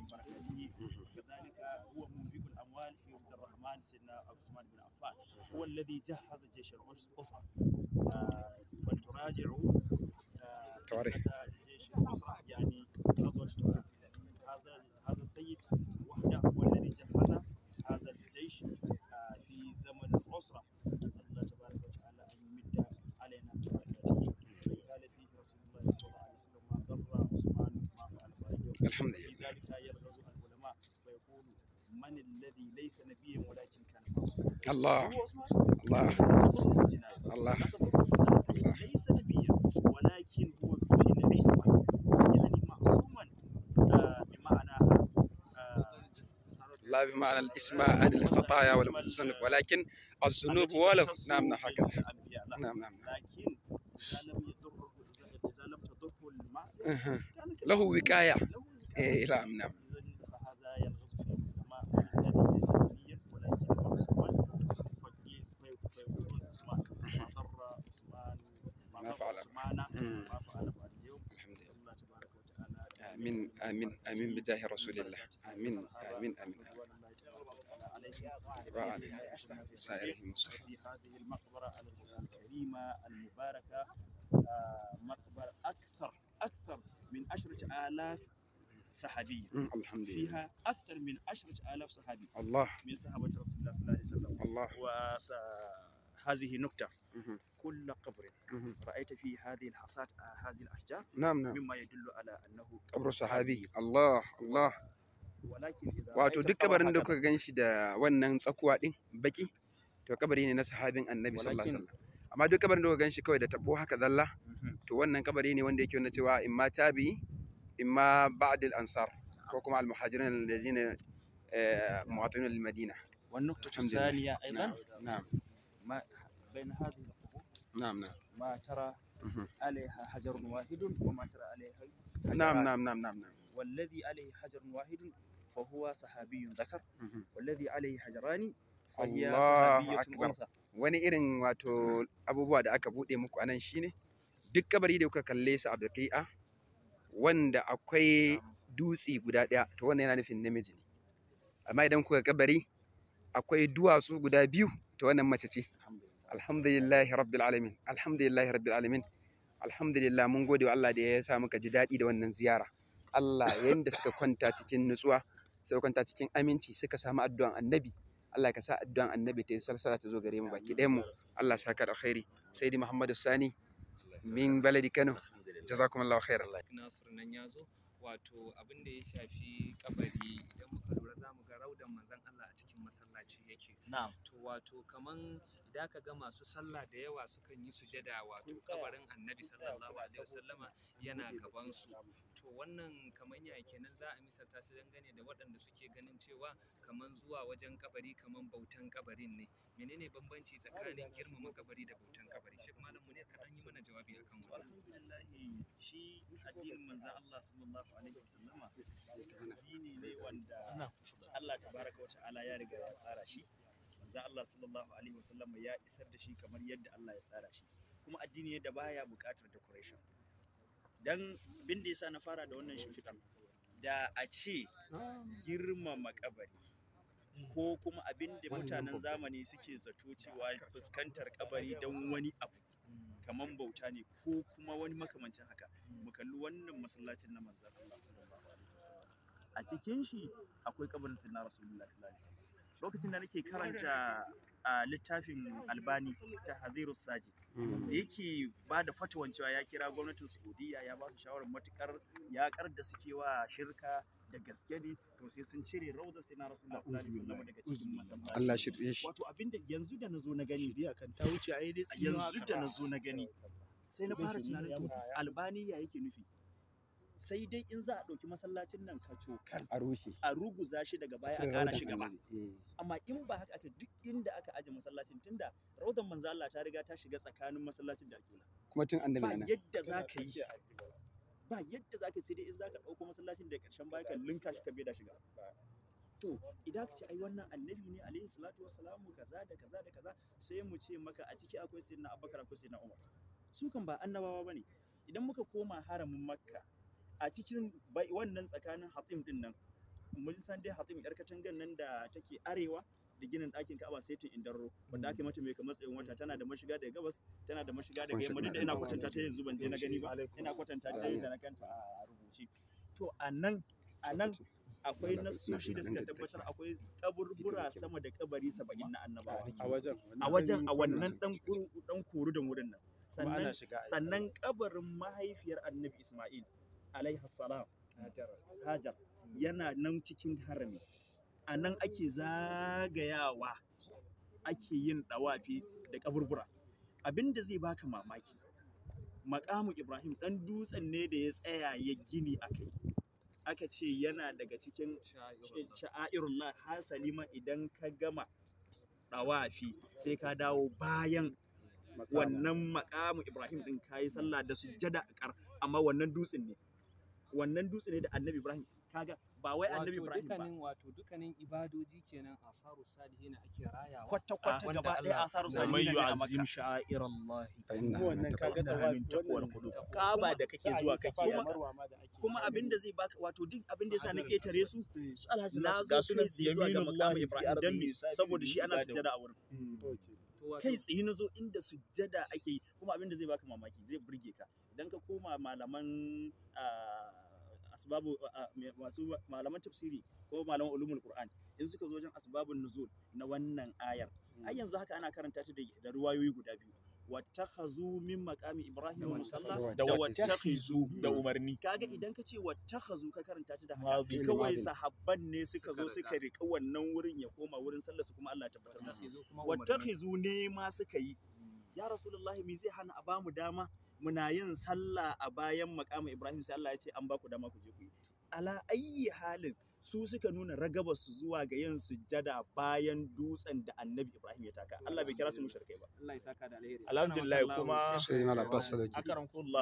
بركاته كذلك هو منفق الاموال في عبد الرحمن سيدنا عثمان بن عفان هو الذي جهز جيش الاسره آه، فلتراجعوا آه، تاريخ الجيش الاسره يعني غزوه هذا هذا السيد وحده هو الذي جهزه الحمد لله الله الله الله الله لا بمعنى الاسماء عن الخطايا والذنوب ولكن الذنوب ولو نعم نعم هكذا نعم نعم لكن اذا لم تضره اذا لم تضره المعصيه له وقايه الى إيه، نعم ما فعل الحمد لله امين امين امين بجاه رسول الله امين امين امين وعلى سائرهم في هذه المقبره آه، الكريمه المباركه مقبره اكثر اكثر من عشرة آلاف صحابية الحمد لله فيها أكثر من 10000 صحابي الله من صحابة رسول الله صلى الله عليه وسلم الله نكتة كل قبر رأيت فيه هذه هذه الأشجار نعم نعم مما يدل على أنه قبر صحابي الله الله duk kabarin da kuka ganshi da wannan tsakuwa din baki to kabari ne na sahabin annabi sallallahu alaihi wasallam amma duk kabarin da kuka ganshi kawai da tabo haka zalla mhm. to wannan kabari ne wanda yake nuna cewa in ma tabi اما بعد الانصار حكم على المهاجرين الذين آه، مواطنين للمدينه والنقطه الثانيه ايضا نعم, نعم. ما بين هذه الحقوق نعم نعم ما ترى عليها حجر واحد وما ترى عليها نعم نعم نعم نعم نعم والذي عليه حجر واحد فهو صحابي ذكر والذي عليه حجران فهي صحابية أنثى wani irin wato abubuwa da aka buɗe muku anan shine duk kabari da kuka kalle su a biki'a wanda akwai dutse guda ɗaya to wannan yana nufin namiji ne amma idan kuka kabari akwai duwatsu guda biyu to wannan mace ce alhamdulillahi rabbil alamin alhamdulillahi rabbil alamin alhamdulillah mun gode wa Allah da ya sa muka ji daɗi da wannan ziyara Allah yanda suka kwanta cikin nutsuwa suka kwanta cikin aminci suka samu addu'an annabi Allah ka sa addu'an annabi ta yi salsala ta zo gare mu baki ɗayan mu Allah saka da alkhairi sayyidi Muhammadu Sani min baladi Kano jazakumullahu khairan nasir nan ya zo wato abin da ya shafi kabari idan muka lura za daudan manzon Allah a cikin masallaci yake to wato kaman ka ga masu sallah da yawa sukan yi sujada wato kabarin annabi sallallahu alaihi wasallama yana gaban su to wannan kaman ya kenan za a misalta su dangane da waɗanda suke ganin cewa kaman zuwa wajen kabari kaman bautan kabarin ne menene bambanci tsakanin girmama kabari da bautan kabari shi malam mu ne yi mana jawabi akan wannan shi addinin manzon Allah sallallahu alaihi wasallama addini ne wanda Allah tabaraka ala ya riga ya tsara shi manzo Allah sallallahu alaihi wasallam ya isar da shi kamar yadda Allah ya tsara shi kuma addini ne da baya buƙatar decoration dan bin da yasa na fara da wannan shimfiɗan da a ce girmama kabari ko kuma abin da mutanen zamani suke zato cewa fuskantar kabari don wani abu kamar bauta ne ko kuma wani makamancin haka mu kalli wannan masallacin na manzo Allah sallallahu alaihi wasallam a cikin shi akwai kabarin na rasulullah sallallahu alaihi wasallam lokacin da nake karanta a littafin albani ta haziru saji da mm. yake ba da fatawan cewa ya kira gwamnatin saudiya ya ba su shawarar matukar yakar da suke wa shirka da gaske ne to sai sun cire rauzar sai na rasulullah sallallahu alaihi wasallam daga cikin masallaci Allah shirye shi wato abinda yanzu da nazo na gani biya kan ta wuce ai dai yanzu da nazo na gani sai na fara tunanin to albani ya yake nufi sai dai in za a ɗauki masallacin nan ka cokan a rushe a ruguza shi daga baya a ƙara shi gaba eh. amma in ba haka aka duk inda aka aje masallacin tunda raudan manzo Allah ta riga ta shiga tsakanin masallacin da kula kuma tun annabi ba yadda za ka yi ba yadda za ka sai dai in za ka ɗauko masallacin da ƙarshen baya ka linka shi ka bai da shiga to idan ka ce ai wannan annabi ne alaihi salatu wassalamu kaza da kaza da kaza sai mu ce maka a ciki akwai sayyidina abubakar akwai sayyidina umar su kan ba annabawa bane idan muka koma haramin makka a cikin wannan tsakanin hatim din nan mun san dai hatim yar katangan nan da take arewa da ginin ɗakin Ka'aba sai ta indarro wanda ake mata mai kamar tsayin wata tana da mashiga daga gabas tana da mashiga daga yamma duk da ina kwatanta ta yanzu ban je na gani ba ina kwatanta ta da na kanta a rubuce to a nan a nan akwai nasoshi da suka tabbatar akwai kaburbura sama da kabari saba'in na annabawa a wajen a wannan dan kuru da wurin nan sannan kabarin mahaifiyar annabi Ismail alaihi salam hajar yana nan cikin harami a nan ake zagayawa ake yin dawafi da kaburbura abin da zai baka mamaki makamu ibrahim ɗan dutsen ne da ya tsaya ya gini a kai aka ce yana daga cikin sha'irullah hasali ma idan ka gama dawafi sai ka dawo bayan wannan makamu ibrahim din yi sallah da sujjada a kar amma wannan dutsen ne wannan dutse ne da annabi ibrahim kaga ba wai annabi ibrahim ba wato dukkanin ibadoji kenan asaru ne ake rayawa kwata kwata gaba ɗaya asaru salihina ne a makka sha'ir Allah wannan kaga da hamin takwar kudu kaba da kake zuwa kake kuma abinda zai baka wato duk abinda yasa nake tare su na zo kai tsaye zuwa ga makamu ibrahim dan me saboda shi ana sujada a wurin mm. Mm. kai tsaye na zo inda sujada ake yi kuma abinda zai baka mamaki zai burge ka idan ka koma malaman ah, asbabu masu malaman tafsiri ko malaman ulumul qur'an in suka zo wajen asbabun nuzul na wannan ayar hmm. ai yanzu haka ana karanta ta da ruwayoyi guda biyu wattakhazu min maqami ibrahim musalla da wattakhizu hmm. da umarni kaga idan kace wattakhazu ka karanta ta da haka kawai sahabban ne suka zo suka rika wannan wurin ya koma wurin sallar su kuma Allah ya tabbatar musu wattakhizu ne ma suka yi hmm. ya rasulullahi mi zai hana a bamu dama muna yin sallah a bayan makamu Ibrahim sai Allah ya ce an baku dama ku je ku ala ayyi halin su suka nuna ragaba su zuwa ga yin sujjada bayan dutsen da annabi Ibrahim ya taka Allah bai kira su mushrikai ba Allah ya saka da alheri alhamdulillah kuma sayyidina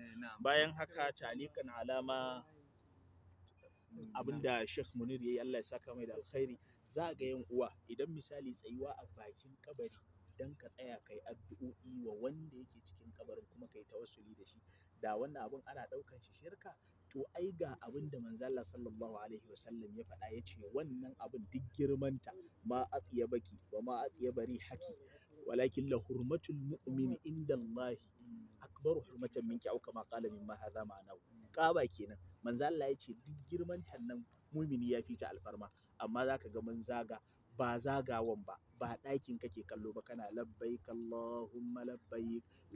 eh, bayan haka talikan alama abinda Sheikh Munir yayi Allah ya saka mai da alkhairi za ga yan uwa idan misali tsayuwa a bakin kabari dan ka tsaya kai addu'o'i wa wanda yake cikin kabarin kuma kai tawassuli da shi da wannan abun ana daukan shi shirka to ai ga abin da manzo Allah sallallahu alaihi wa sallam ya faɗa yace wannan abun duk girmanta ma atiya baki wa ma atiya bari haki walakin la hurmatul mu'min inda Allah akbaru hurmatan minki au kama qala ma hadha ma'anahu kaba kenan manzo Allah yace duk girmantan nan mumini ya fi ta alfarma amma zaka ga mun zaga ba zagawan ba ba ɗakin kake kallo ba kana labbaik Allahumma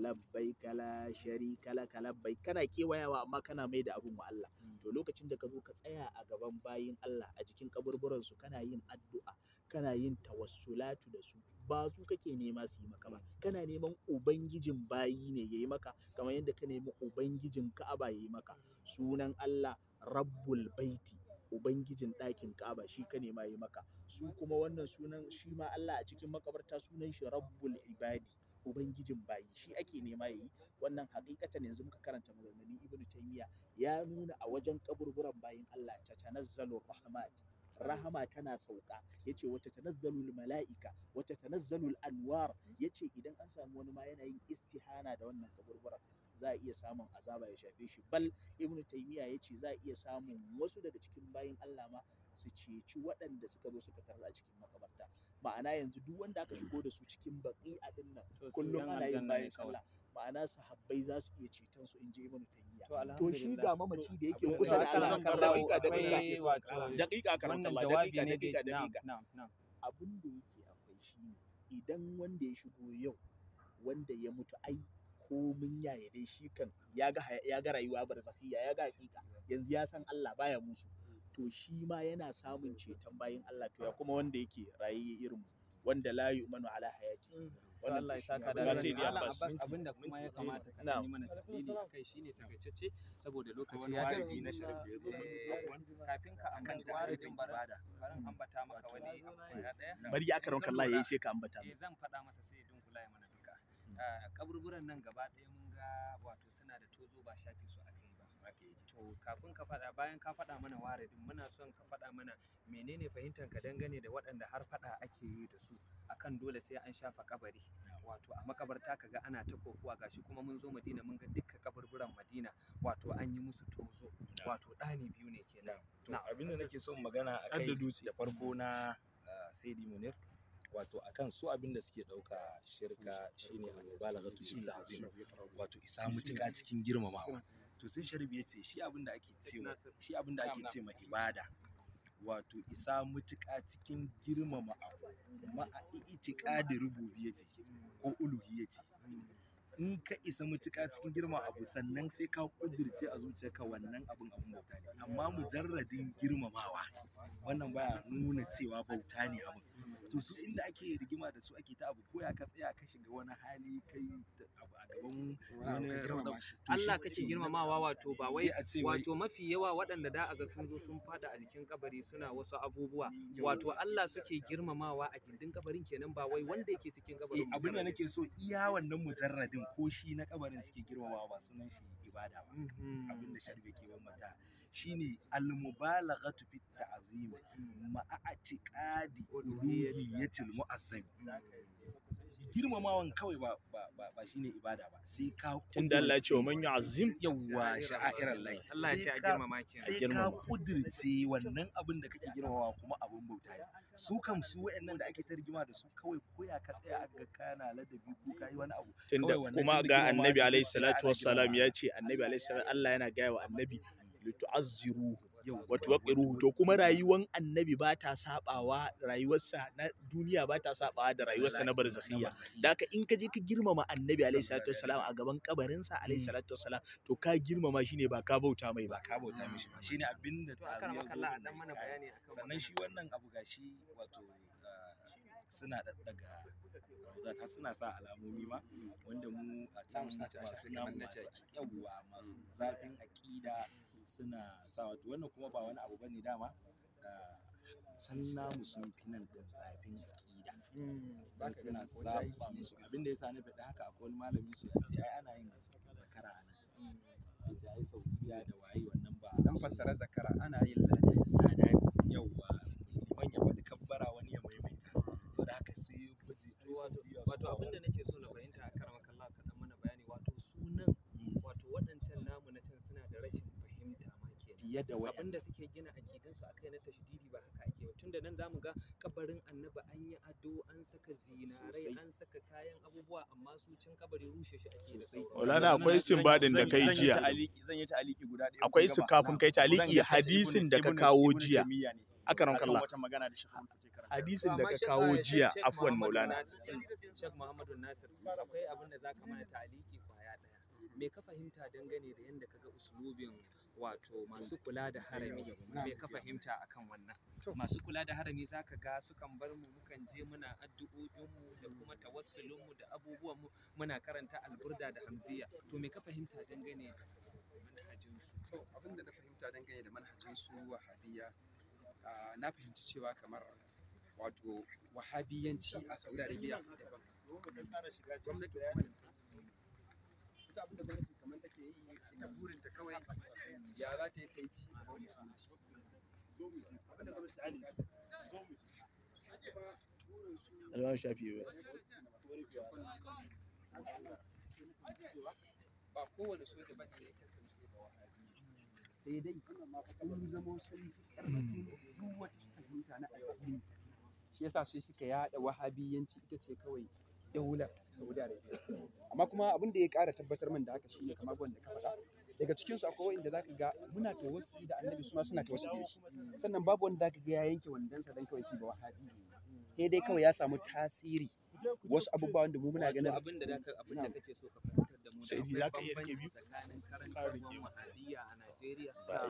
labbaik kala la sharika ka labbaik kana kewayawa amma kana mai da abun wa Allah hmm. to lokacin da ka zo ka tsaya a gaban bayin Allah a jikin kaburburan su kana yin addu'a kana yin tawassulatu da su ba su kake nema su yi maka ba hmm. kana neman ubangijin bayi ne yayi maka kamar yadda ka nemi ubangijin Ka'aba yayi maka hmm. sunan Allah rabbul baiti ubangijin ɗakin kaba, shi ka nema yi maka su kuma wannan sunan shi ma Allah a cikin makabarta sunan shi Rabbul Ibadi ubangijin bayi shi ake nema yayi wannan hakikatan yanzu muka karanta maganganun ibnu taymiya ya nuna a wajen kaburburan bayin Allah ta tanazzalu rahmat rahama tana sauka yace wata tanazzalul mala'ika wata tanazzalul anwar yace idan an samu wani ma yana yin istihana da wannan kaburburan za a iya samun azaba ya shafe shi bal ibn taymiya ya ce za a iya samun wasu daga cikin bayin Allah ma su ceci waɗanda suka zo suka tarar a cikin makabarta ma'ana yanzu duk wanda aka shigo da su cikin baki a dinnan kullum ana yin bayin sallah ma'ana sahabbai za su iya ceton su in je ibn taymiya to shi ga mamaci da yake kusa da Allah kan daƙiƙa daƙiƙa daƙiƙa karanta daƙiƙa daƙiƙa daƙiƙa abin da yake akwai shi idan wanda ya shigo yau wanda ya mutu ai komin yi dai shi kan ya ga ya ga rayuwa barzakhiyya ya ga hakika yanzu ya san Allah baya musu to shi ma yana samun ceton bayin Allah to ya kuma wanda yake rayuwa irin mu wanda la yu'manu ala hayati wannan Allah ya saka da sai da Abbas abinda kuma ya kamata ka yi mana tafsiri kai shine takaitacce saboda lokaci ya tafi na sharif da yazo eh, kafin ka ambata waridin baran ambata maka wani abu daya bari ya karon kallahi sai ka ambata eh zan fada masa sai kaburburan nan gaba ɗaya mun ga wato suna da tozo ba shafe su aka yi ba to kafin ka faɗa bayan ka faɗa mana waradin muna son ka faɗa mana menene fahimtar ka dangane da waɗanda har faɗa ake yi da su akan dole sai an shafa kabari wato a makabarta ga ana ta kokuwa gashi kuma mun zo madina mun ga dukkan kaburburan madina wato an yi musu tozo wato ɗani biyu ne kenan to abinda nake son magana akai da farko na ah, saidi munir wato akan su abin da suke ɗauka shirka shine al-mubalagatu fi ta'zim wato isa mutuka cikin girmamawa to sai sharbi ce shi abin da ake cewa shi abin da ake cewa ibada wato isa mutuka cikin girmama abu ma'a ya rububiyyati ko uluhiyyati in ka isa mutuka cikin girma abu sannan sai ka kudirce a ka wannan abin abin bauta ne amma mujarradin girmamawa wannan baya nuna cewa bauta ne abin to su inda ake rigima da su ake ta abu ko ya ka tsaya ka shiga wani hali kai abu a gaban wani Allah ka kake girmamawa wato ba wai wato mafi yawa waɗanda da a ga sun zo sun fada a jikin kabari suna wasu abubuwa wato Allah suke girmamawa a gindin kabarin kenan ba wai wanda yake cikin eh, kabarin abin da nake so iya wannan mujarradin ko shi na kabarin suke girmamawa ba sunan shi ibada ba mm-hmm. abin da sharbe ke mata shine al-mubalaghatu fi ta'zim mm-hmm. ma'a'tiqadi atiqadi uluhiyyatil mu'azzam girmamawan kawai ba ba ba shine ibada ba sai ka kudurci Allah ce wa man yu'azzim yawa sha'irar lai Allah ce a girmama ki sai ka kudirce wannan abin da kake girmamawa kuma abin bauta ne su kam su wayannan da ake tarjima da su kawai koya ka tsaya ga kana ladabi ko kai wani abu tunda kuma ga annabi alaihi salatu wassalam ya ce annabi alaihi salatu Allah yana gaya wa annabi litu'azziruhu yau wato ruhu to kuma rayuwar annabi ba ta sabawa rayuwarsa na duniya ba ta sabawa da rayuwarsa na barzakhiyya da ka in ka je ka girmama annabi alayhi salatu wassalam a gaban kabarinsa alayhi mm. salatu wassalam to ka girmama shi ne ba ka bauta mai ba ka bauta mishi ba shine abin da ta zo sannan shi wannan abu gashi wato ah, suna daddaga ta suna sa alamomi ma wanda mu a can masu namu masu yawwa masu zafin aƙida suna sawa wato wannan kuma ba wani abu bane dama san ah, namu sun fi nan da zafin aƙida mm, dan suna saba musu abinda sa na faɗi haka akwai wani malami shi ya ce ai ana yin zakara a nan mm. ya ce ai sau biya da waye wannan ba dan fassara zakara ana yin lada lada yawa liman ya faɗi kabbara wani ya maimaita saboda haka sai wato abinda nake so na fahimta fiye da wayan Abinda suke gina aqidan su akai na tashdidi ba haka ake ba tunda nan zamu ga kabarin annabi an yi ado an saka zinarai an saka kayan abubuwa amma su can kabari rushe shi ake da sai Maulana akwai simbadin da kai jiya zan yi ta'aliki guda ɗaya akwai su kafin kai ta'aliki hadisin da ka kawo jiya aka ranka Allah hadisin da ka kawo jiya afwan Maulana Shek Muhammadu Nasir akwai abin da zaka mana ta'aliki me ka fahimta dangane da yadda kaga usulubin wato masu kula da harami me ka fahimta akan wannan masu kula da harami zaka ga sukan bar mu mukan je muna addu'o'in mu da kuma tawassulin mu da abubuwan mu muna karanta alburda da hamziya to me ka fahimta dangane da manhajin su to abin da na fahimta dangane da manhajin su wahabiya na fahimci cewa kamar wato wahabiyanci a Saudi Arabia daban gwamnati ita abin da gwamnati kamar take yi ita burinta kawai ya za ta yi ci abin da gwamnati Alwan shafi Ba kowane soja ba ne ya kasance Sai dai sun zama sun duk wata fahimta na Shi yasa sai suka yaɗa wahabiyanci ita ce kawai daular saudi arabia amma kuma abin da ya kara tabbatar min da haka ne kamar wanda ka faɗa daga cikin su akwai wanda zaka ga muna tawassuli da annabi su ma suna tawassuli da shi sannan babu wanda zaka ga ya yanke sa dan kawai shi ba wasaɗi sai dai kawai ya samu tasiri wasu abubuwa wanda mu muna ganin abin da abin da kake so ka fahimtar da mu sai dai zaka yi rike biyu tsakanin karin a Najeriya